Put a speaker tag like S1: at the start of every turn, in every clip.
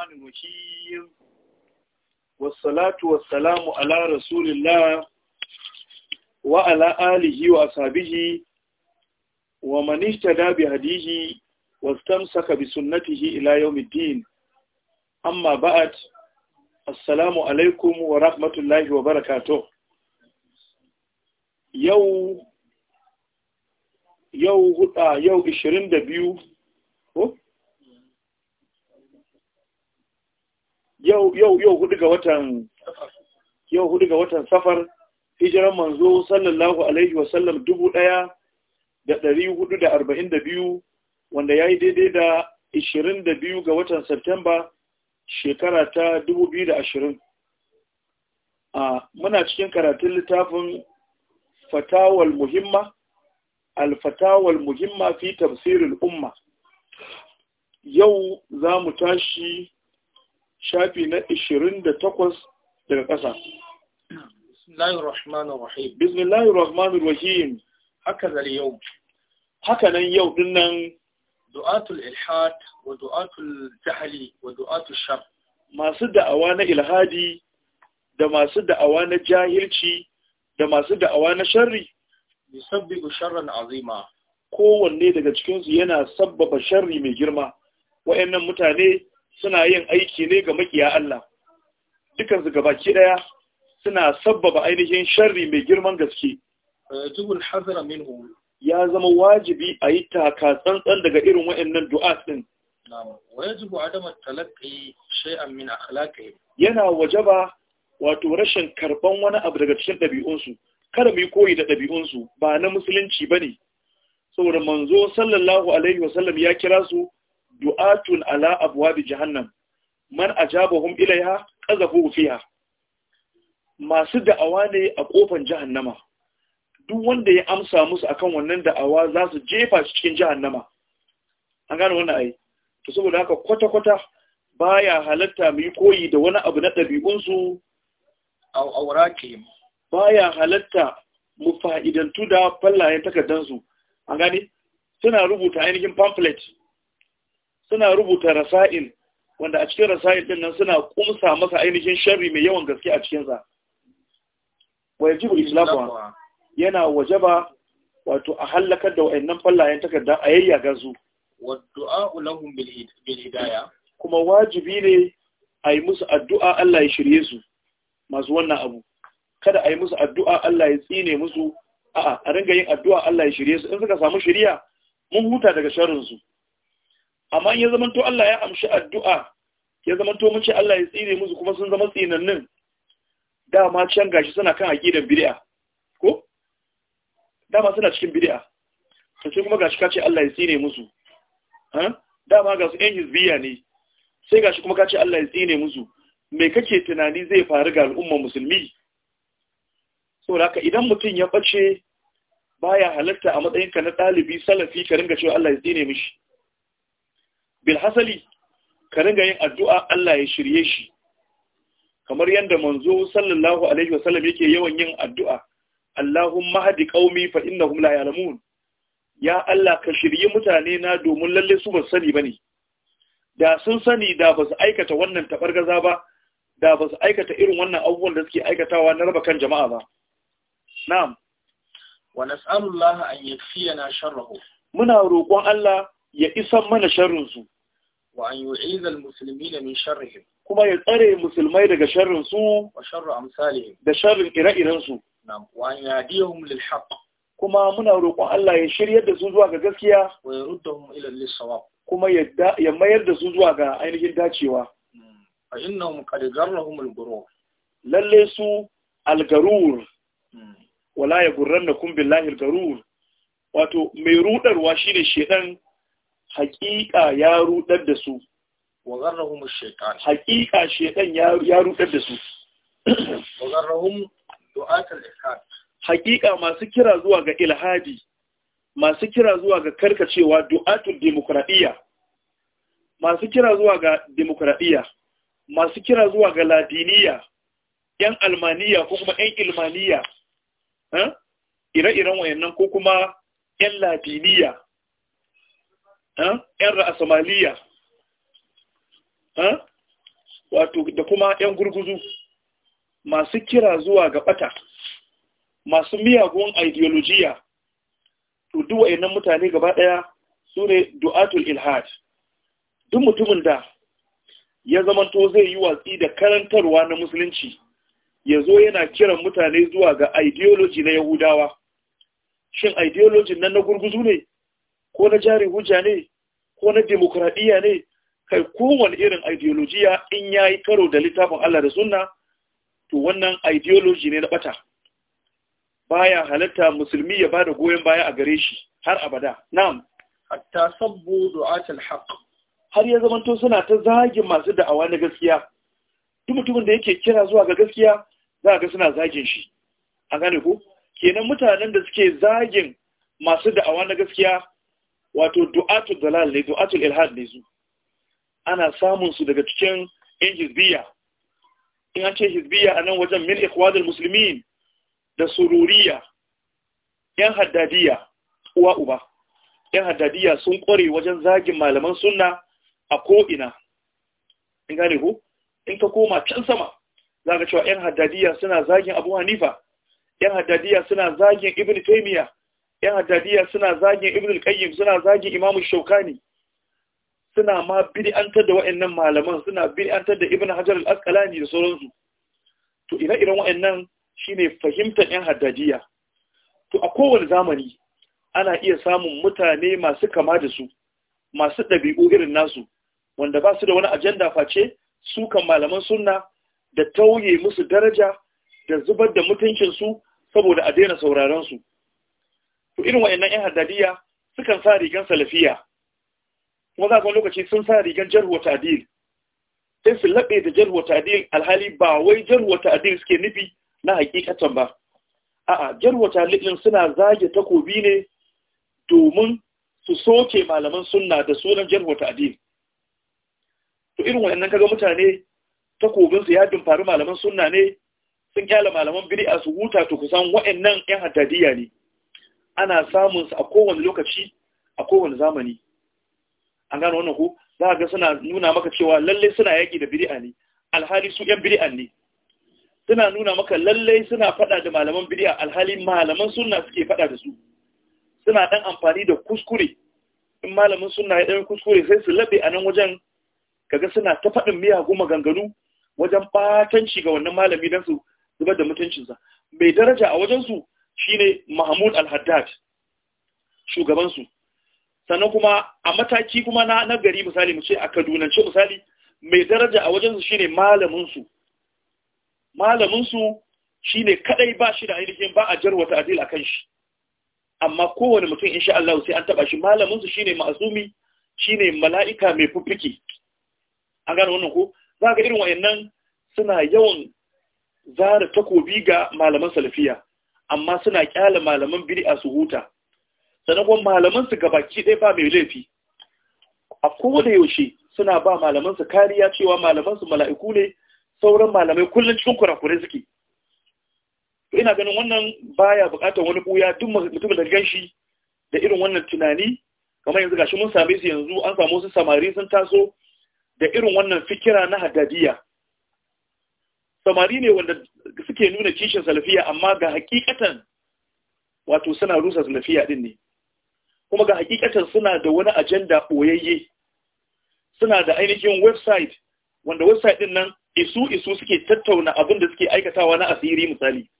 S1: الرحمن الرحيم
S2: والصلاة والسلام على رسول الله وعلى آله وأصحابه ومن اهتدى بهديه واستمسك بسنته إلى يوم الدين أما بعد السلام عليكم ورحمة الله وبركاته يوم yau huda yau 22 yau yau yau hudu ga watan yau hudu ga watan safar hijiran manzo sallallahu alaihi wa sallam dubu daya da dari hudu da arba'in da biyu wanda ya yi daidai da ishirin da biyu ga watan Septemba shekara ta dubu biyu da ashirin. A muna cikin karatun littafin fatawal muhimma, alfatawal muhimma fi tafsirin umma. Yau za mu tashi shafi na 28 daga ƙasa bismillahir rahmanir rahim haka zal yau haka nan yau dinnan
S1: du'atul ilhad wa du'atul jahli wa du'atul shar
S2: masu da'awa na ilhadi da masu da'awa na jahilci da masu da'awa na sharri yusabbibu sharran azima kowanne daga cikinsu yana sabbaba sharri mai girma wayannan mutane suna yin aiki ne ga makiya Allah dukansu gabaki daya suna sabbaba ainihin sharri mai girman gaske ya zama wajibi a yi taka tsantsan daga irin wa'annan du'a ɗin.
S1: wajibu waje ba
S2: yana wajaba wato rashin karban wani abu daga cikin ɗabi'unsu kada mu koyi da ɗabi'unsu ba na musulunci ba ne. saboda manzo sallallahu alaihi wasallam ya kira su du'atun ala abwabi jahannam man ajabahum ilayha qazafu fiha masu da'awa ne a kofan jahannama duk wanda ya amsa musu akan wannan da'awa za su jefa shi cikin jahannama an gane wannan ai to saboda haka kwata kwata baya halatta mu yi koyi da wani abu na dabi'un su a baya halatta mu fa'idantu da fallayen takardansu an gane suna rubuta ainihin pamphlet suna rubuta rasa'il wanda a cikin rasa'il din nan suna kumsa masa ainihin sharri mai yawan gaske a cikinsa wajibu islamuwa yana wajaba wato a hallakar da wayannan fallayen takarda a yayyaga su
S1: wadda'u lahum bil hidaya
S2: kuma wajibi ne a yi musu addu'a Allah ya shirye su masu wannan abu kada a yi musu addu'a Allah ya tsine musu a'a a ringa yin addu'a Allah ya shirye su in suka samu shirya mun huta daga sharrin su amma ya zamanto Allah ya amshi addu'a ya zamanto mun ce Allah ya tsire musu kuma sun zama tsinannin dama can gashi suna kan aqidar bid'a ko dama suna cikin bid'a sai kuma gashi kace Allah ya tsire musu ha dama ga su ɗan hizbiya ne sai gashi kuma kace Allah ya tsire musu me kake tunani zai faru ga al'umma musulmi saboda haka idan mutum ya bace baya halatta a matsayinka na ɗalibi salafi ka ringa cewa Allah ya tsire mishi bilhasali ka ringa yin addu'a Allah ya shirye shi kamar yadda manzo sallallahu alaihi wasallam yake yawan yin addu'a Allahumma hadi qaumi fa innahum la ya'lamun ya Allah ka shirye mutane na domin lalle su ba sani bane da sun sani da ba su aikata wannan tabargaza ba da ba su aikata irin wannan abubuwan da suke aikatawa na raba kan jama'a ba
S1: na'am wa an
S2: muna roƙon Allah ya isan mana sharrinsu.
S1: wa an yu'iza musulmi muslimina min sharrihim
S2: kuma ya tsare musulmai daga sharrinsu.
S1: wa sharru amsalihim da
S2: sharrin ire-iren
S1: Na na'am wa an yadihum lil haqq
S2: kuma muna roƙon Allah ya shiryar da su zuwa ga gaskiya
S1: wa rudda ila al-sawab
S2: kuma ya mayar da su zuwa ga ainihin dacewa A
S1: hmm. fa innahum qad na al-ghurur
S2: lalle su hmm. wala ya gurran yaghurrannakum kumbin lahir garur wato mai rudarwa shine shedan haƙiƙa ya rudar da su
S1: wa gharrahum
S2: shaytan haƙiƙa shaytan ya ya rudar da su wa gharrahum du'at al haƙiƙa masu kira zuwa ga ilhadi masu kira zuwa ga karkacewa du'atul demokradiyya masu kira zuwa ga demokradiyya masu kira zuwa ga ladiniya yan almaniya ko kuma yan ilmaniya eh, ire-iren wayannan ko kuma yan ladiniya 'yan Somaliya, wato da kuma 'yan gurguzu masu kira zuwa ga ɓata masu miyagun ideologiya to duwa inan mutane gaba ɗaya su ne du'atul ilhad duk mutumin da ya zamanto zai yi watsi da karantarwa na musulunci ya zo yana kiran mutane zuwa ga ideoloji na yahudawa shin ideolojin nan na gurguzu ne ko na jari hujja ne ko na demokradiyya ne kai kowane irin ideologiya in ya yi karo da littafin Allah da sunna to wannan ideology ne na bata baya halatta musulmi ya bada goyon baya a gare shi har abada na'am hatta sabbu du'atul haqq har ya zamanto suna ta zagin masu da'awa na gaskiya duk mutumin da yake kira zuwa ga gaskiya za ga suna zagin shi an gane ko kenan mutanen da suke zagin masu da'awa na gaskiya wato du'atul dalal ne du'atul ilhad ne su ana samun su daga cikin yan hizbiya in an ce hizbiya a nan wajen min ikhwadul muslimin da sururiya yan haddadiya uwa uba yan haddadiya sun kware wajen zagin malaman sunna a ko'ina in gane ku in ka koma can sama za cewa yan haddadiya suna zagin abu hanifa yan haddadiya suna zagin ibn taymiya yan hadadiya suna zagin ibn al-qayyim suna zagin imam shaukani suna ma bid'antar da wa'annan malaman suna bid'antar da ibn hajar al-asqalani da sauransu to ina iren wa'annan shine fahimtar yan haddadiya to a kowane zamani ana iya samun mutane masu kama da su masu ɗabi'u irin nasu wanda ba su da wani ajanda face su kan malaman sunna da tauye musu daraja da zubar da mutuncinsu saboda a daina sauraron su to irin nan yan haddadiya sukan sa rigan salafiya kuma za kuma lokaci sun sa rigan jarhu wata adil sai su laɓe da jarhu wata adil alhali ba wai jarhu wata adil suke nufi na hakikatan ba a'a jarhu adil ɗin suna zage takobi ne domin su soke malaman sunna da sunan jarhu wata adil to irin nan kaga mutane takobin su ya dumfari malaman sunna ne sun kyala malaman biri a su huta to kusan nan yan haddadiya ne ana samun su a kowane lokaci a kowane zamani an gano wannan ko za ka ga suna nuna maka cewa lalle suna yaki da bid'a ne alhali su yan bid'a ne suna nuna maka lalle suna faɗa da malaman bid'a alhali malaman sunna suke faɗa da su suna dan amfani da kuskure in malamin sunna ya dan kuskure sai su labe a nan wajen kaga suna ta faɗin miyagun maganganu wajen batanci ga wannan malami dan su zubar da mutuncinsa mai daraja a wajen su? shine Mahmud al-Haddad shugaban su sannan kuma a mataki kuma na na misali mu ce a Kaduna ce misali mai daraja a wajen su shine malamin su malamin su shine kadai ba shi da ainihin ba a jarwa adil akan shi amma kowane mutum insha Allah sai an taba shi malamin su shine ma'asumi shine mala'ika mai fuffuki an gane wannan ko za irin wayannan suna yawan zara takobi ga malaman salafiya amma suna kyala malaman a su huta sannan kuma malaman su gabaki ɗaya ba mai laifi a kowane yaushe suna ba malaman su kariya cewa malaman su mala'iku ne sauran malamai kullum cikin kurakure suke to ina ganin wannan baya bukatar wani buya duk mutum da ganshi da irin wannan tunani kamar yanzu gashi mun same su yanzu an samu su samari sun taso da irin wannan fikira na haddadiya samari ne wanda suke nuna kishin salafiya amma ga hakikatan wato suna rusa salafiya din ne kuma ga hakikatan suna da wani ajanda boyayye suna da ainihin website wanda website din nan isu isu suke tattauna abin da suke aikatawa na asiri misali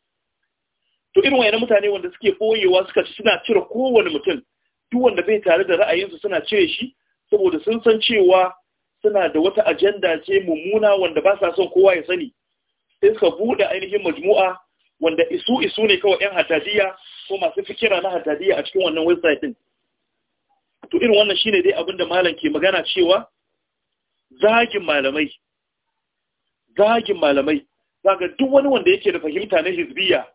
S2: to irin wayannan mutane wanda suke boyewa suka ci suna cire kowane mutum duk wanda bai tare da ra'ayinsu suna cire shi saboda sun san cewa suna da wata ajanda ce mummuna wanda ba sa son kowa ya sani sai suka buɗe ainihin majmu'a wanda isu isu ne kawai yan hadadiya ko masu fikira na hadadiya a cikin wannan website din to irin wannan shine dai abinda malam ke magana cewa zagin malamai zagin malamai zaga duk wani wanda yake da fahimta na hizbiya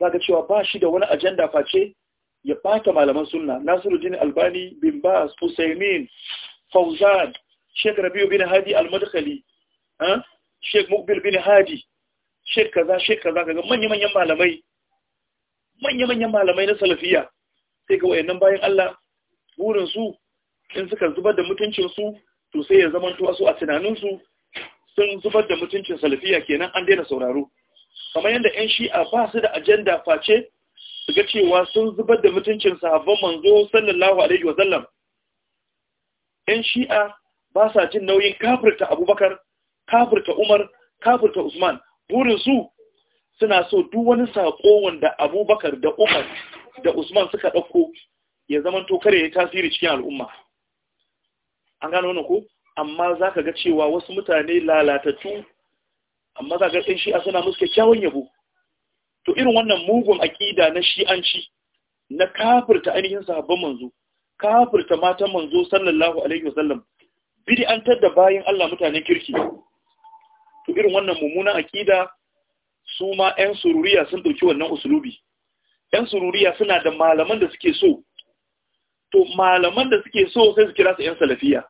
S2: zaga cewa ba shi da wani ajanda face ya bata malaman sunna Nasiruddin Albani bin Bas Usaimin Fauzan Biyu, Rabiu bin Hadi al Sheikh Mukbil bin Hadi Sheikh kaza Sheikh kaza kaga manya-manyan malamai manya-manyan malamai na salafiya sai ga wayannan bayan Allah burin su in suka zubar da mutuncin su to sai ya zama su a tunanin su sun zubar da mutuncin salafiya kenan an daina sauraro kamar yadda ƴan shi'a ba su da ajanda face su ga cewa sun zubar da mutuncin sahabban manzo sallallahu alaihi wa sallam ƴan shi'a ba sa jin nauyin kafirta abubakar kafirta Umar kafirta Usman burin su suna so duk wani sako wanda Abubakar da Umar da Usman suka dauko ya zama to kare ya tasiri cikin al'umma an gano wannan ko amma zaka ga cewa wasu mutane lalatattu amma zaka ga shi a suna musu kyakkyawan yabo to irin wannan mugun aƙida na shi'anci na kafirta ainihin sahabban manzo kafirta matan manzo sallallahu alaihi wasallam bid'antar da bayan Allah mutanen kirki to irin wannan mummunan akida su ma 'yan sururiya sun ɗauki wannan usulubi 'yan sururiya suna da malaman da suke so to malaman da suke so sai su kira su 'yan salafiya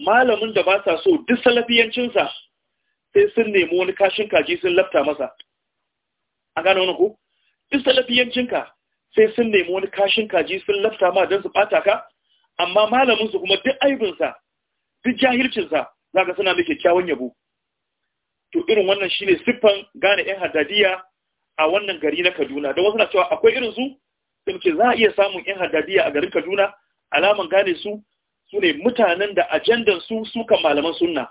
S2: malamin da ba sa so duk salafiyancinsa sai sun nemi wani kashin kaji sun lafta masa a gane wani ku duk salafiyancinka sai sun nemi wani kashin kaji sun lafta ma don su ɓata ka amma malaminsu kuma duk aibinsa duk jahilcinsa za ka suna mai kyakkyawan yabo to irin wannan shine siffan gane yan hadadiya a wannan gari na Kaduna da wasu na cewa akwai irin su sai ce za a iya samun yan hadadiya a garin Kaduna alaman gane su su ne mutanen da ajandan su kan malaman sunna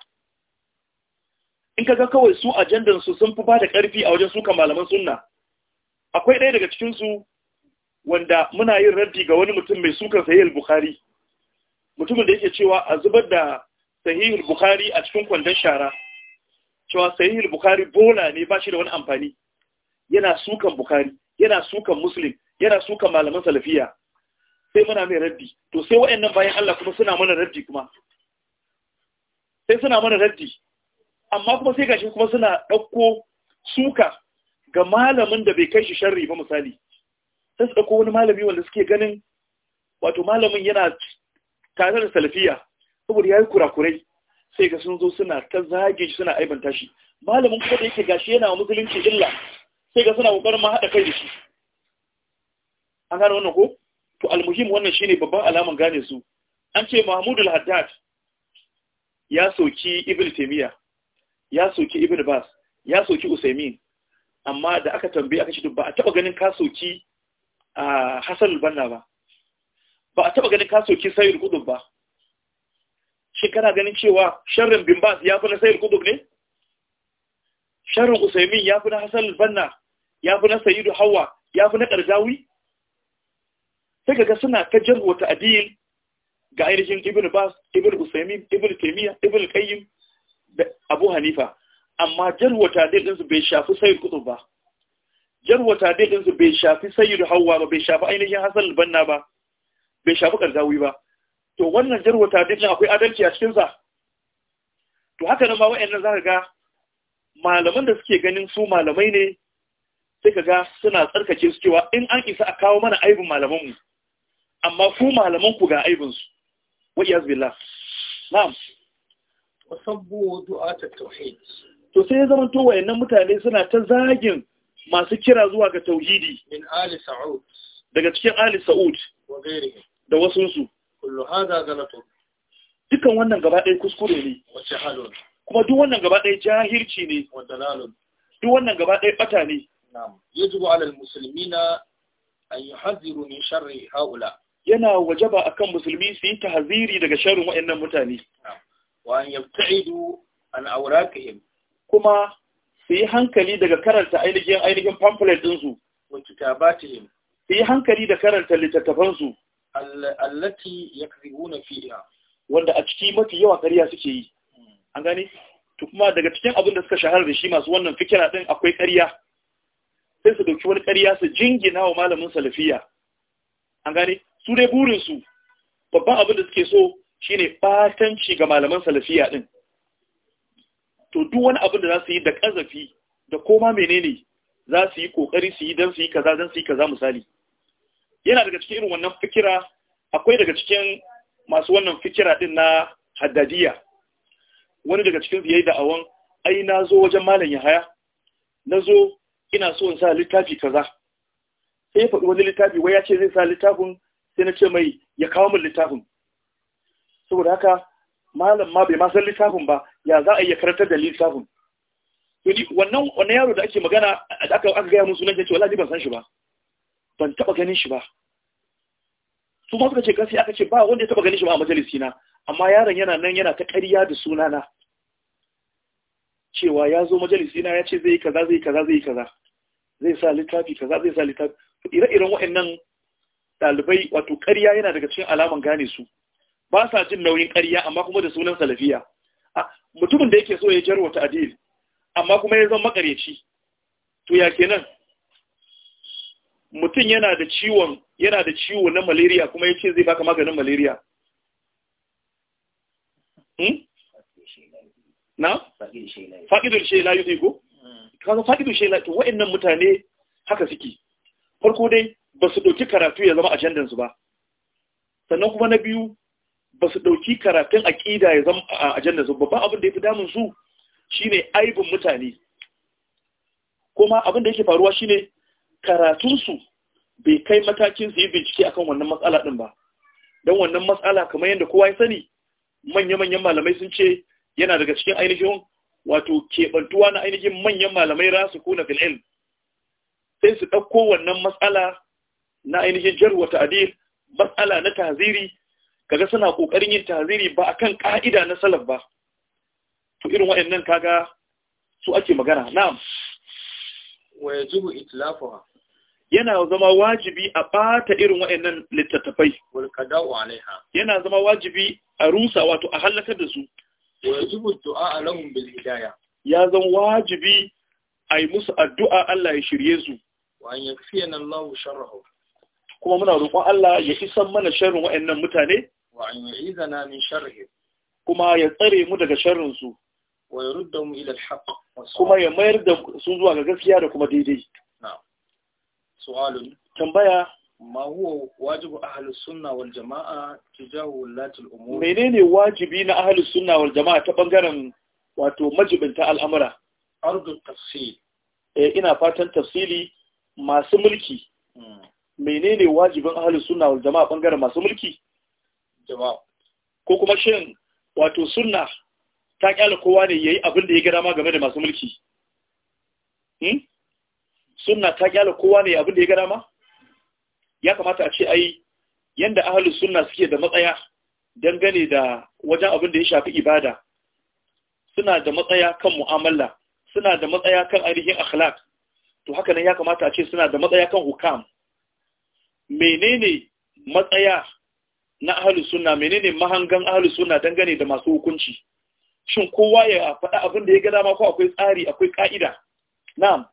S2: in ka ga kawai su ajandan su sun fi ba da karfi a wajen suka malaman sunna akwai ɗaya daga cikinsu su wanda muna yin raddi ga wani mutum mai sukan sahihul bukhari mutumin da yake cewa a zubar da sahihul bukhari a cikin kwandon shara cewa sahihul bukhari bola ne ba shi da wani amfani yana sukan bukhari yana sukan muslim yana sukan malaman salafiya sai muna mai raddi to sai wa'annan bayan Allah kuma suna mana raddi kuma sai suna mana raddi amma kuma sai gashi kuma suna ɗauko suka ga malamin da bai kai shi sharri ba misali sai su ɗauko wani malami wanda suke ganin wato malamin yana tare da salafiya saboda ya yi kurakurai sai ga sun zo suna ta zage shi suna aibanta shi malamin kuma da yake gashi yana wa musulunci illa sai ga suna kokarin ma haɗa kai da shi an gane wannan ko to almuhim wannan shine babban alaman gane su an ce mahmudul haddad ya soki ibn taymiya ya soki ibn bas ya soki usaimin amma da aka tambaye aka ce ba a taba ganin ka soki a ah, hasan al-banna ba ba a taba ganin ka soki sayyid qutb ba shi kana ganin cewa sharrin bin bas ya fi na sayar Kudu ne sharrin usaimin ya fi na hassan banna ya fi na sayidu hawa ya fi na ƙarjawi sai kaga suna ta jarwa ta adil ga ainihin ibn bas ibn usaimin ibn taimiyya ibn kayyim da abu hanifa amma jarwa ta adil ɗinsu bai shafi sayar Kudu ba jarwa ta adil ɗinsu bai shafi sayidu hawa ba bai shafi ainihin hassan banna ba bai shafi ƙarjawi ba to wannan jarwa tadid akwai adalci a cikin sa to haka nan ma za zaka ga malaman da suke ganin su malamai ne sai ka ga suna tsarkake su cewa in an isa a kawo mana aibin malaman mu amma ku malaman ku ga aibin su wa iyaz billah na'am wasabbu du'a ta tauhid to sai ya zama to wayannan mutane suna ta zagin masu kira zuwa ga tauhidi min ali sa'ud daga cikin ali sa'ud da wasunsu
S1: kullu hada galatun
S2: dukan wannan gaba ɗaya kuskure ne wace halun kuma duk wannan gaba ɗaya jahirci ne wa dalalun duk wannan gaba ɗaya bata ne
S1: na'am yajibu alal muslimina an yuhadhiru min sharri haula
S2: yana wajaba akan musulmi su yi tahziri daga sharrin wa'annan mutane
S1: wa an yabta'idu an awraqihim
S2: kuma su yi hankali daga karanta ainihin ainihin pamphlet su
S1: wa kitabatihim
S2: su yi hankali da karanta littattafansu
S1: allati yakzibuna fiha
S2: wanda a ciki mafi yawa ƙarya suke yi hmm. an gane to kuma daga cikin abin da suka shahara da shi masu wannan fikira din akwai ƙarya sai su dauki wani ƙarya su jingina wa malamin salafiya an gane su dai burin su babban abin da suke so shine batanci ga malaman salafiya din to duk wani abin da za su yi da ƙazafi da koma menene za su yi kokari su yi don su yi kaza don su yi kaza misali yana daga cikin irin wannan fikira akwai daga cikin masu wannan fikira din na haddadiya wani daga cikin yayi da awon ai na zo wajen malam Yahaya na zo ina so in sa littafi kaza sai ya faɗi wani littafi wai ya ce zai sa littafin sai na ce mai ya kawo min littafin saboda haka malam ma bai ma san littafin ba ya za a iya karantar da littafin to wannan wannan yaro da ake magana da aka gaya musu nan ce wallahi ban san shi ba ban taba ganin shi ba su ma suka ce gasi aka ce ba wanda ya taba ganin shi ba a majalisi na amma yaron yana nan yana ta ƙarya da sunana cewa ya zo majalisi na ya ce zai kaza zai kaza zai kaza zai sa littafi kaza zai sa littafi ire-iren wa'annan dalibai, wato ƙarya yana daga cikin alaman gane su ba sa jin nauyin ƙarya amma kuma da sunan salafiya mutumin da yake so ya jarwata ta'adil amma kuma ya zama makareci to ya kenan mutum yana da ciwon yana da ciwo na malaria kuma ya ce zai baka maganin malaria hmm? na? faƙidun shela yi zai go? kaga faƙidun shela to wa'annan mutane haka suke farko dai ba su ɗauki karatu ya zama ajandansu ba sannan kuma na biyu ba su ɗauki karatun aƙida ya zama ajandansu babban abin da ya fi damun su shine aibin mutane kuma abin da yake faruwa shine karatunsu bai kai matakin su yi bincike akan wannan matsala ɗin ba don wannan matsala kamar yadda kowa ya sani manya-manyan malamai sun ce yana daga cikin ainihin wato keɓantuwa na ainihin manyan malamai rasu ko na fil'il sai su ɗauko wannan matsala na ainihin jarwa ta'adir matsala na taziri kaga suna ƙoƙarin yin taziri ba akan ƙa'ida na salaf ba to irin waɗannan kaga su ake magana na'am
S1: wa yajibu itlafuha
S2: yana zama wajibi a ɓata irin waɗannan littattafai yana zama wajibi a rusa wato a halakar da su ya zama wajibi a yi musu addu'a Allah ya shirye su kuma muna roƙon Allah ya san mana sharrin waɗannan mutane kuma ya tsare mu daga sharrinsu kuma ya mayar da su zuwa ga gaskiya da kuma daidai su'alun tambaya
S1: ma huwa wajibu ahlus sunna
S2: menene wajibi na ahlus sunna jama'a ta bangaren wato majibinta al'amura eh ina fatan tafsili masu mulki hmm. menene wajibin ahlus jama'a bangaren masu mulki ko kuma shin wato sunna ta kyala kowa ne yayi abin da ya ga dama game da masu mulki hmm? sunna ta kyala kowa ne abin da ya gada ma ya kamata a ce ai yanda ahalus sunna suke da matsaya dangane da wajen abin da ya shafi ibada suna da matsaya kan mu'amala suna da matsaya kan ainihin akhlaq to haka nan ya kamata a ce suna da matsaya kan hukam menene matsaya na ahalus sunna menene mahangan ahalus sunna dangane da masu hukunci shin kowa ya faɗa abin da ya ga dama ko akwai tsari akwai ka'ida na'am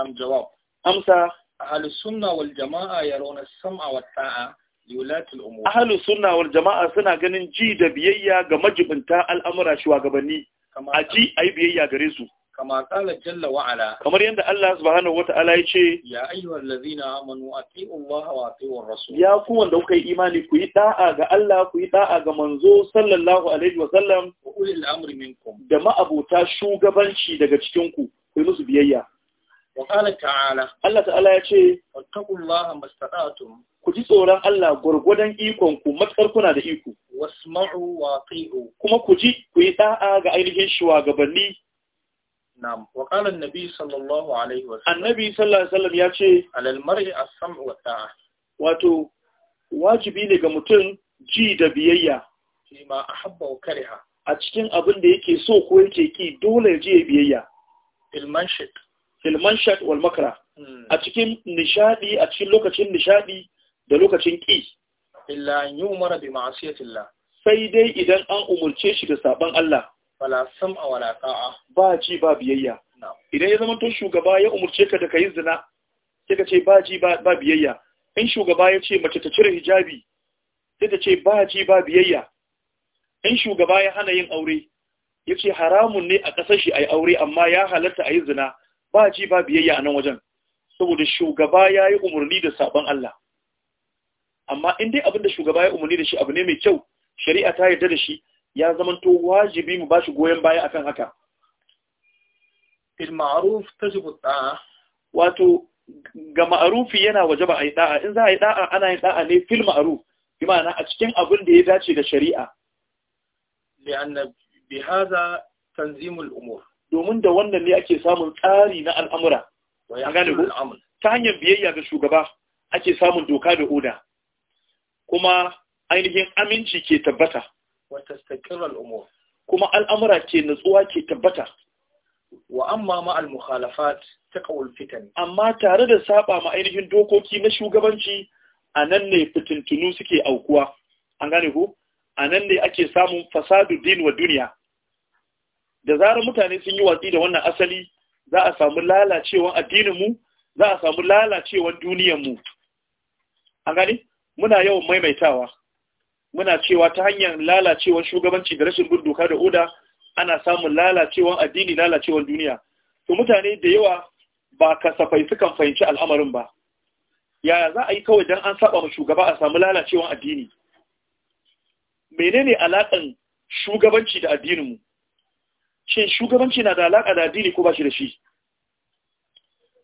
S1: amsa. الإسلام جواب jama'a ya rauna sama wa ta'a, والطاعة لولاة الأمور أهل
S2: السنة jama'a suna ganin ji da biyayya ga majibinta al'amura shugabanni a ji ayi biyayya gare su
S1: kama kala jalla wa ala
S2: kamar yadda Allah subhanahu wata'ala ya ce
S1: ya ayyuhal ladzina amanu atiiu Allah wa atiiur rasul
S2: ya ku wanda kuka yi imani ku yi da'a ga Allah ku yi da'a ga manzo sallallahu alaihi wa sallam
S1: wa ulil amri minkum
S2: da ma'abuta shugabanci daga cikin ku ku yi musu biyayya
S1: Wa ta'ala Allah ta'ala ya ce fattaqullaha mastata'tum
S2: ku ji tsoron Allah gurgudan ikon ku matsar kuna da iko
S1: wasma'u wa ati'u kuma ku ji ku yi da'a ga ainihin shugabanni Na'am, wa qala an-nabi sallallahu alaihi Wasallam. sallam Annabi
S2: sallallahu alaihi wasallam ya ce alal mar'i as-sam'u wa ta'a wato wajibi ne ga mutum ji da biyayya ma ahabba wa kariha a cikin abin da yake so ko yake ki dole ya ji biyayya ilman shaitan filmanshat wal makara a cikin nishadi a cikin lokacin nishadi da lokacin ƙi
S1: illa an yi umara bi ma'asiyatillah sai dai
S2: idan an umarce shi da saban Allah wala sam'a wala
S1: ta'a ba
S2: ji ba biyayya idan ya zama tun shugaba ya umarce ka da kayi zina sai ka ce ba ji ba biyayya in shugaba ya ce mace ta cire hijabi sai ta ce ba ji ba biyayya in shugaba ya hana yin aure ya ce haramun ne a ƙasar shi a yi aure amma ya halatta a yi zina ba ci ba biyayya a nan wajen saboda shugaba ya yi umarni da sabon Allah amma in dai abin da shugaba ya umarni da shi abu ne mai kyau shari'a ta yarda da shi ya zama to wajibi mu bashi goyon baya akan haka
S1: bil ma'ruf tajibu da'a wato
S2: ga ma'arufi yana wajaba yi da'a in za a yi da'a ana yin da'a ne fil ma'ruf bi ma'ana a cikin abin da ya dace da shari'a li'anna bi hadha tanzimul umur domin da wannan ne ake samun tsari na al'amura ta hanyar biyayya ga shugaba ake samun doka da oda kuma ainihin aminci ke tabbata kuma al'amura ke natsuwa ke tabbata wa amma ma al-mukhalafat kawul fitan amma tare da saba ma ainihin dokoki na shugabanci a nan ne fitintunu suke aukuwa an gane ko nan ne ake samun fasadu din wa duniya da zarar mutane sun yi watsi da wannan asali za a samu lalacewan addininmu za a samu lalacewan duniyanmu an gani muna yawan maimaitawa muna cewa ta hanyar lalacewan shugabanci da rashin bin doka da oda ana samun lalacewan addini lalacewan duniya to mutane da yawa ba kasafai sukan fahimci al'amarin ba yaya za a yi kawai don an saba ma shugaba a samu lalacewar addini menene alaƙan shugabanci da addininmu shin shugabanci na da alaƙa da addini ko ba shi da shi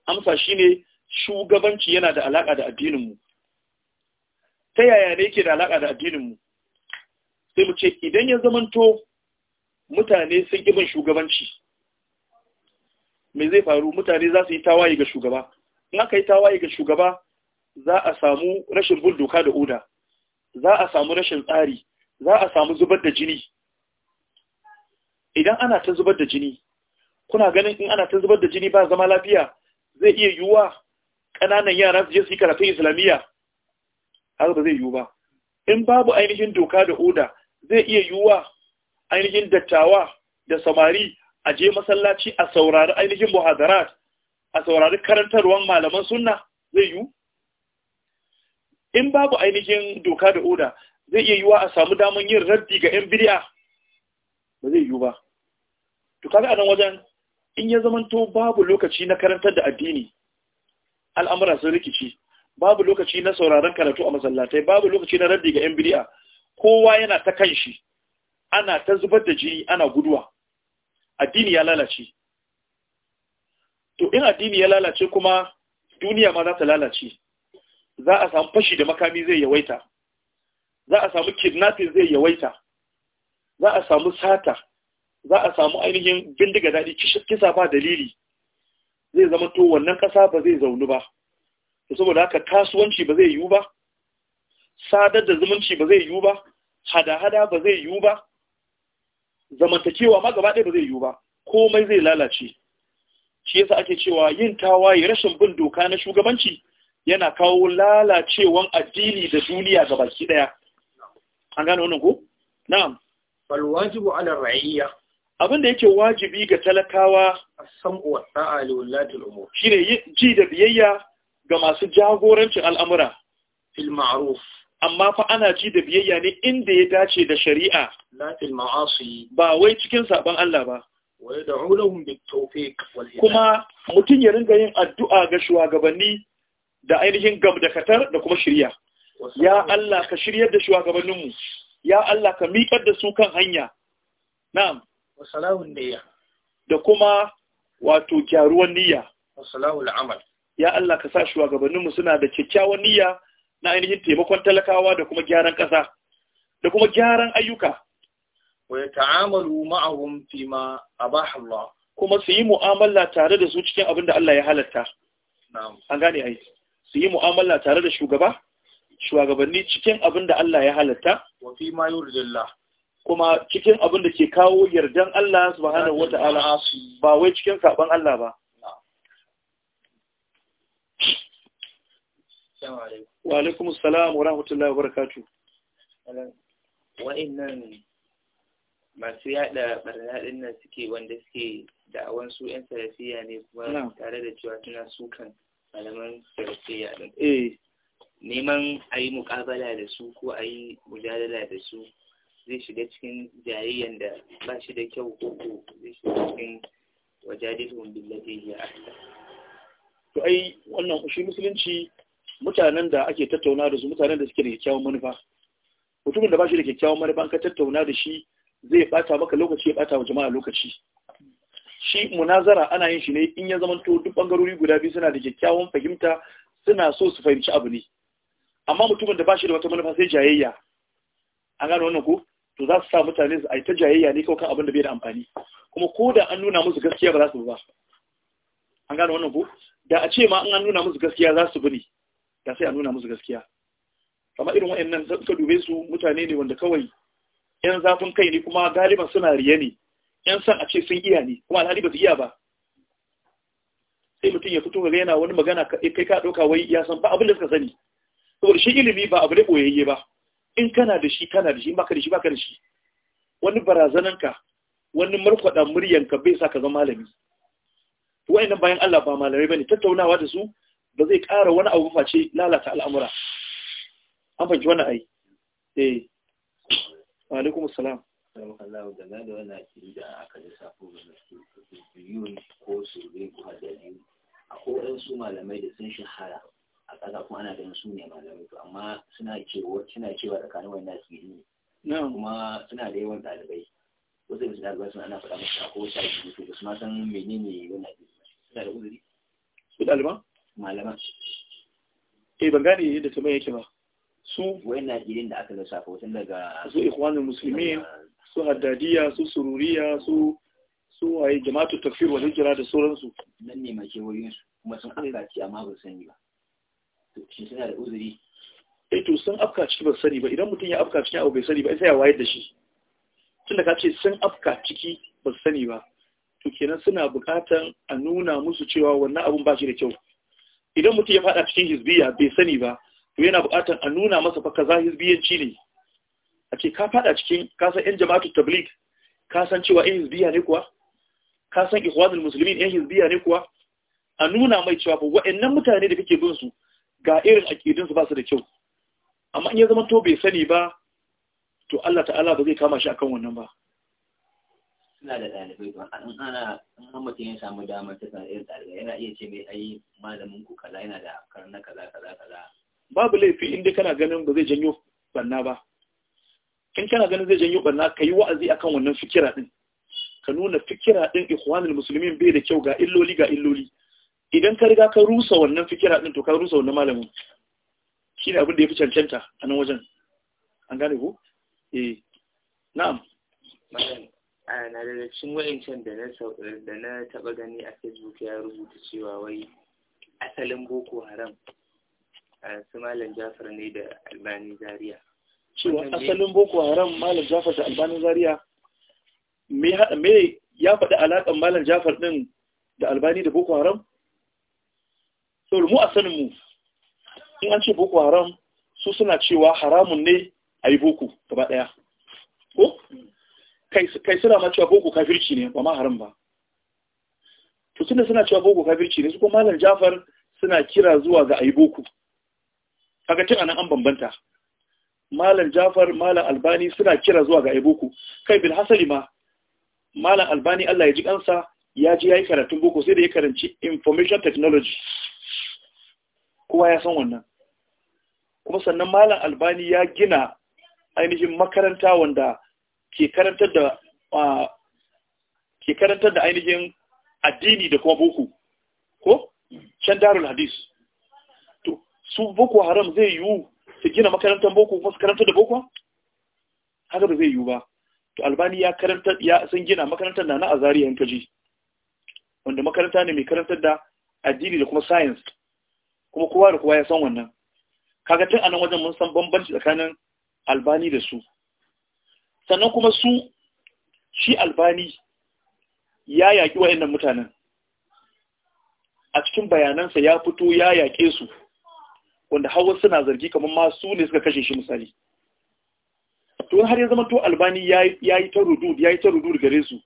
S2: amsa shi ne shugabanci yana da alaƙa da addininmu ta yaya ne yake da alaƙa da addininmu sai mu ce idan ya zamanto mutane sun yi bin shugabanci me zai faru mutane za su yi tawaye ga shugaba in aka yi tawaye ga shugaba za a samu rashin bin doka da oda za a samu rashin tsari za a samu zubar da jini idan ana ta zubar da jini kuna ganin in ana ta zubar da jini ba zama lafiya zai iya yiwuwa ƙananan yara su je su yi karatun islamiyya har ba zai yiwu ba in babu ainihin doka da oda zai iya yiwuwa ainihin dattawa da samari a je masallaci a saurari ainihin muhadarat a saurari karantarwar malaman sunna zai yiwu in babu ainihin doka da oda zai iya yiwuwa a samu damar yin raddi ga 'yan bidiya ba zai yiwu ba to kaga a wajen in ya zamanto babu lokaci na karantar da addini al'amura sun rikici babu lokaci na sauraron karatu a masallatai babu lokaci na raddi ga yan bid'a kowa yana ta kanshi ana ta zubar da jini ana guduwa addini ya lalace to in addini ya lalace kuma duniya ma za ta lalace za a samu fashi da makami zai yawaita za a samu kidnapping zai yawaita za a samu sata za a samu ainihin bindiga daɗi kisa ba dalili zai zama to wannan ƙasa ba zai zaunu ba to saboda haka kasuwanci ba zai yiwu ba sadar da zumunci ba zai yiwu ba hada-hada ba zai yiwu ba zamantakewa ma gaba ɗaya ba zai yiwu ba komai zai lalace shi yasa ake cewa yin tawaye rashin bin doka na shugabanci yana kawo lalacewan addini da duniya ga baki ɗaya an gane wannan ko na'am fal ala ra'iyya abin da yake wajibi ga talakawa shi ne ji da biyayya ga masu jagorancin al'amura fil amma fa ana ji da biyayya ne inda ya dace da shari'a ba wai cikin saban Allah ba kuma mutum ya ringa yin addu'a ga shugabanni da ainihin gamdakatar da kuma shirya ya Allah ka shiryar da shugabanninmu ya Allah ka miƙar da su kan hanya
S1: na'am wa niyya
S2: da kuma wato gyaruwar niyya
S1: wa amal
S2: ya Allah ka sa shugabanninmu suna da kyakkyawan niyya na ainihin taimakon talakawa da kuma gyaran ƙasa da kuma gyaran ayyuka
S1: wa ta'amalu ma'ahum ma a Allah
S2: kuma su yi mu'amala tare da su cikin abin
S1: da Allah ya halatta na'am
S2: an gane ai su yi mu'amala tare da shugaba shugabanni cikin abin da Allah ya halatta
S1: wa ma yuridillah
S2: kuma cikin abin da ke kawo yardan Allah subhanahu wata'ala ba wai cikin saban Allah ba wa alaikum assalam wa rahmatullahi wa barakatuh
S1: wa'annan masu yada barnaɗin nan suke wanda suke da awan su 'yan salafiya ne kuma tare da cewa suna sukan malaman salafiya din eh. neman ayi yi mukabala da su ko ayi yi mujadala da su zai shiga cikin jayayyan da ba shi da kyau ko zai shiga cikin wajadilhum billati ya ahsan
S2: to ai wannan shi musulunci mutanen da ake tattauna da su mutanen da suke da kyakkyawan manufa mutumin da ba shi da kyakkyawan manufa an ka tattauna da shi zai bata maka lokaci ya bata wa jama'a lokaci shi munazara ana yin shi ne in ya zama to duk bangarori guda biyu suna da kyakkyawan fahimta suna so su fahimci abu ne amma mutumin da ba shi da wata manufa sai jayayya an gano wannan ko to za su sa mutane su aita jayayya ne kawai kan abin da bai da amfani kuma ko da an nuna musu gaskiya ba za su ba an gane wannan ko da a ce ma an nuna musu gaskiya za su bi ne da sai a nuna musu gaskiya amma irin za su dube su mutane ne wanda kawai yan zafin kai ne kuma galiban suna riye ne yan san a ce sun iya ne kuma alhali ba su iya ba sai mutum ya fito ga yana wani magana kai ka ɗauka wai ya san ba abin da suka sani saboda shi ilimi ba abu ne ɓoyayye ba in kana da shi kana da shi in baka da shi baka da shi wani ka wani muryan ka bai sa ka zama malami wa'annan bayan Allah ba malamai bane tattaunawa da su ba zai ƙara wani abu face lalata al'amura an fanki wannan ai eh wa alaikum assalam
S1: Allah da na da wannan akiri da aka lissafo ga su biyun ko su ko hadari akwai wasu malamai da sun shahara a ƙasa kuma ana ganin su ne malamai to amma suna cewa suna cewa tsakanin wannan asiri ne kuma suna da yawan ɗalibai wasu da su ɗalibai suna ana faɗa musu ko sai su to ba su ma san menene wannan asiri suna da uzuri su ɗaliban
S2: malaman eh ban gane yadda ta yake ba su wayannan asirin da aka lissafa wasu daga su ikhwanul muslimin su haddadiya su sururiya su su waye jama'atu tafsir wal hijra da sauransu nan ne makewayin su kuma sun Allah eh. ci amma ba sani ba shi suna da uzuri eh to sun afka ciki ba sani ba idan mutum ya afka cikin abu bai sani ba sai ya wayar da shi tunda ka ce sun afka ciki ba sani ba to kenan suna bukatan a nuna musu cewa wannan abun ba shi da kyau idan mutum ya faɗa cikin hizbiya bai sani ba to yana bukatan a nuna masa fa kaza hizbiyanci ne a ce ka faɗa cikin ka san yan jama'atu tabligh ka san cewa yan hizbiya ne kuwa ka san ikhwanul muslimin yan hizbiya ne kuwa a nuna mai cewa fa wa'annan mutane da kake bin su ga irin aƙidinsu ba su da kyau amma in ya zama to bai sani ba to Allah ta'ala ba zai kama shi akan wannan ba
S1: suna da ɗalibai ba an ana an mutum ya samu damar ta irin ɗalibai yana iya ce mai ayi malamin ku kaza yana da karna kaza kaza kaza babu
S2: laifi inda kana ganin ba zai janyo banna ba in kana ganin zai janyo banna ka yi wa'azi akan wannan fikira din ka nuna fikira din ikhwanul muslimin bai da kyau ga illoli ga illoli idan ka riga ka rusa wannan fikira ɗin to ka rusa wannan malamin shi ne abin da ya fi cancanta a nan wajen an gane ku? eh
S1: na'am a na daga cikin wa'incan da na taɓa gani a facebook ya rubuta cewa wai asalin boko haram a su malam jafar ne da albani zaria
S2: cewa asalin boko haram malam jafar da albani zaria
S1: me
S2: ya faɗi alaƙar malam jafar ɗin da albani da boko haram saboda mu a sanin mu in an ce boko haram su suna cewa haramun ne a yi boko gaba ɗaya ko kai suna ma cewa boko kafirci ne ba ma haram ba to da suna cewa boko kafirci ne su kuma malam jafar suna kira zuwa ga a yi boko kaga tun anan an bambanta malam jafar malam albani suna kira zuwa ga a yi boko kai bil hasali ma malam albani allah ya ji kansa ya ji ya yi karatun boko sai da ya karanci information technology kowa ya san wannan kuma sannan malam albani ya gina ainihin makaranta wanda ke karantar da ke karantar da ainihin addini da kuma boko ko can darul hadis to su boko haram zai yiwu su gina makarantar boko kuma su karantar da boko haka ba zai yiwu ba to albani ya karantar ya sun gina makarantar na na azari yan wanda makaranta ne mai karantar da addini da kuma science kuma kowa da kowa ya san wannan kaga tun anan wajen mun san bambanci tsakanin albani da su sannan kuma su shi albani ya yaƙi wa'annan mutanen a cikin bayanansa ya fito ya yaƙe su wanda hawa suna zargi kamar ma su ne suka kashe shi misali to har ya zama to albani ya yi ta rudud ya yi ta gare su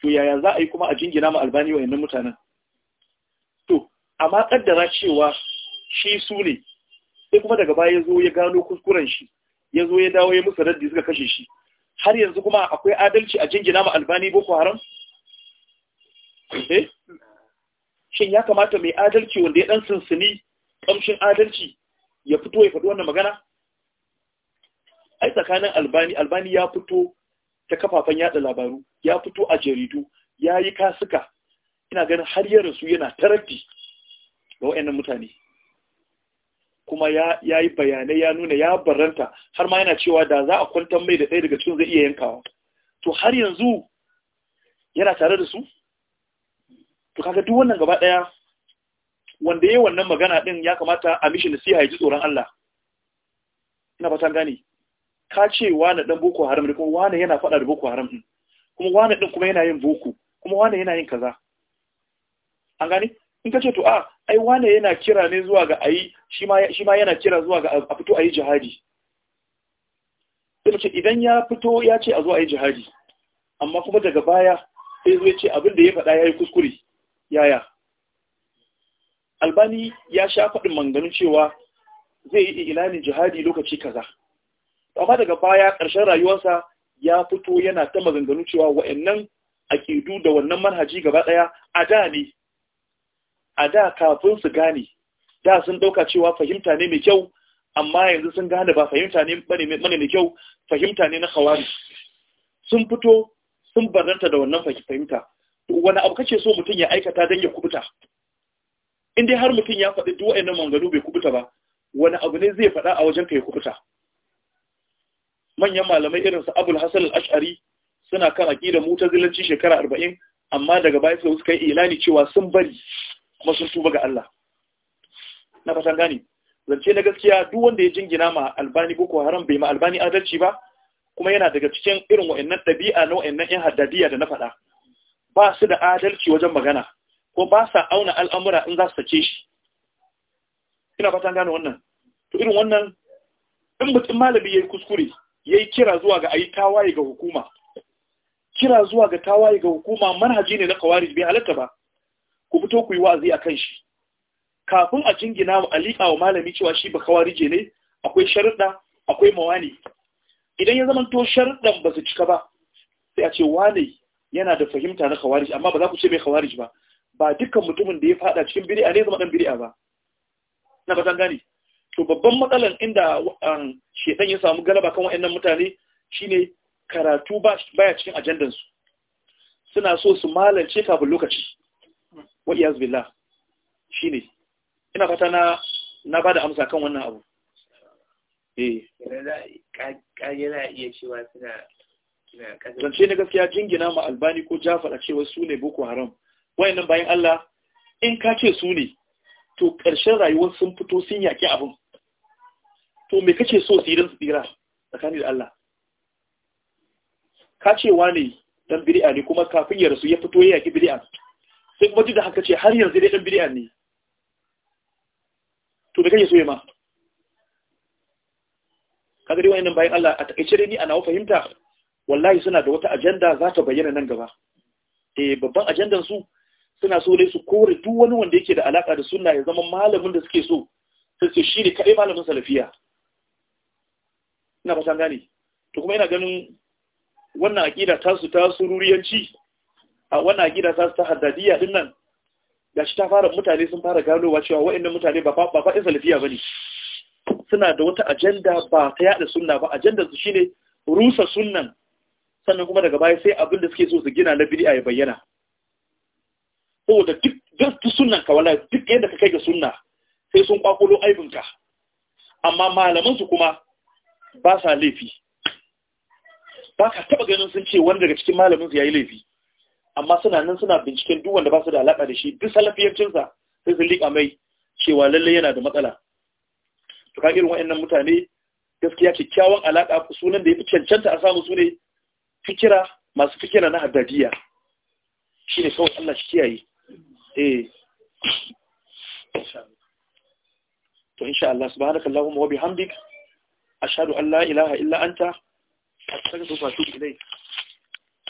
S2: to yaya za a yi kuma a jingina ma albani wa'annan mutanen to amma kaddara cewa shi su ne sai kuma daga baya zo ya gano kuskuren shi ya zo ya dawo ya musu raddi suka kashe shi har yanzu kuma akwai adalci a jingina ma albani boko haram eh? shin ya kamata mai adalci wanda ya dan sunsuni kamshin adalci ya fito ya faɗi wannan magana ai tsakanin albani albani ya fito ta kafafen yada labaru ya fito a jaridu ya yi kasuka ina ganin har ya rasu yana taraddi ga wa'annan mutane kuma ya yi bayanai ya nuna ya baranta. har ma yana cewa da za a kwantar mai da ɗaya daga cikin zai iya yankawa to har yanzu yana tare da su to kaga duk wannan gaba ɗaya wanda yayi wannan magana din ya kamata a mishi nasiha ya ji tsoron Allah ina fatan gane ka ce wani ɗan boko haram ne kuma wani yana faɗa da boko haram ɗin kuma wani ɗin kuma yana yin boko kuma wani yana yin kaza an gane in ka ce to a ah, ai wane yana kira ne zuwa ga ayi shi ma yana kira zuwa ga a fito ayi jihadi ce idan ya fito ya ce a zo ayi jihadi amma kuma daga baya sai zo ce abin da ya faɗa ya yi kuskure yaya albani ya sha faɗin manganin cewa zai yi ilanin jihadi lokaci kaza amma daga baya ƙarshen rayuwarsa ya fito yana ta maganganu cewa wa'annan aƙidu da wannan manhaji gaba ɗaya a da ne a da kafin su gane da sun dauka cewa fahimta ne mai kyau amma yanzu sun gane ba fahimta ne bane mai kyau fahimta ne na khawari sun fito sun barranta da wannan fahimta wani abu kace so mutum ya aikata dan ya kubuta in dai har mutum ya faɗi duk wayannan manganu bai kubuta ba wani abu ne zai faɗa a wajen ka ya kubuta manyan malamai irin su Abul Hasan al-Ash'ari suna kan aqidar mutazilanci shekara 40 amma daga baya suka yi ilani cewa sun bari kuma sun tuba ga Allah na fatan gani zance na gaskiya duk wanda ya jingina ma albani boko haram bai ma albani adalci ba kuma yana daga cikin irin wa'annan ɗabi'a na wa'annan yan haddadiya da na faɗa ba su da adalci wajen magana ko ba sa auna al'amura in za su sace shi ina fatan gane wannan to irin wannan in mutum malami ya yi kuskure ya yi kira zuwa ga ayi tawaye ga hukuma kira zuwa ga tawaye ga hukuma manhaji ne na kawarij bai halatta ba ku fito ku yi wazi a kan shi kafin a jingina wa alika wa malami cewa shi ba kawarije ne akwai sharuɗa akwai mawani idan ya zama to sharuɗan ba su cika ba sai a ce wane yana da fahimta na kawarij amma ba za ku ce mai kawarij ba ba dukkan mutumin da ya fada cikin biri'a ne zama dan biri'a ba na ba zan gane to babban matsalan inda um, shedan ya samu galaba kan wa'annan mutane shine karatu ba baya cikin ajandansu. suna so su malance kafin lokaci wa iyaz shi ne. ina fata na ba bada amsa kan wannan abu eh iya cewa zance na gaskiya jingina ma albani ko jafar a cewa su ne boko haram wayannan bayan Allah in ka ce su ne to ƙarshen rayuwar sun fito sun yaƙi abin to me kace so su yi don su tsira tsakani da Allah ka cewa ne dan biri'a ne kuma kafin ya rasu ya fito ya yaƙi biri'a sai kuma da haka ce har yanzu dai ɗan bid'a ne to da kake so ma kaga dai wayannan bayan Allah a taƙaice dai ni ana fahimta wallahi suna da wata ajanda za ta bayyana nan gaba eh babban ajandan su suna so dai su kore duk wani wanda yake da alaka da sunna ya zama malamin da suke so sai su shi kai malamin salafiya ina fatan gane to kuma ina ganin wannan akida tasu su ta sururiyanci a gida za su ta haddadiya din nan shi ta fara mutane sun fara ganowa cewa wa'in mutane ba ba salafiya ba ne. suna da wata ajanda ba ta yada sunna ba ajenda su shine rusa sunnan sannan kuma daga baya sai abin da suke so su gina na bid'a ya bayyana da duk duk sunan ka wallahi duk yadda ka kai ga sunna sai sun kwakulo aibin ka amma malaman su kuma ba sa laifi ba ka taba ganin sun ce wanda daga cikin malamin su yayi laifi amma suna nan suna binciken duk wanda ba su da alaka da shi duk salafiyancinsa sai su liƙa mai cewa lallai yana da matsala to ka irin wa'annan mutane gaskiya kyakkyawan alaka sunan da ya fi cancanta a samu su fikira masu fikira na haddadiya shi ne kawai Allah shi kiyaye eh to insha Allah subhanaka allahumma wa bihamdik ashhadu an la ilaha illa anta astaghfiruka wa atubu ilayk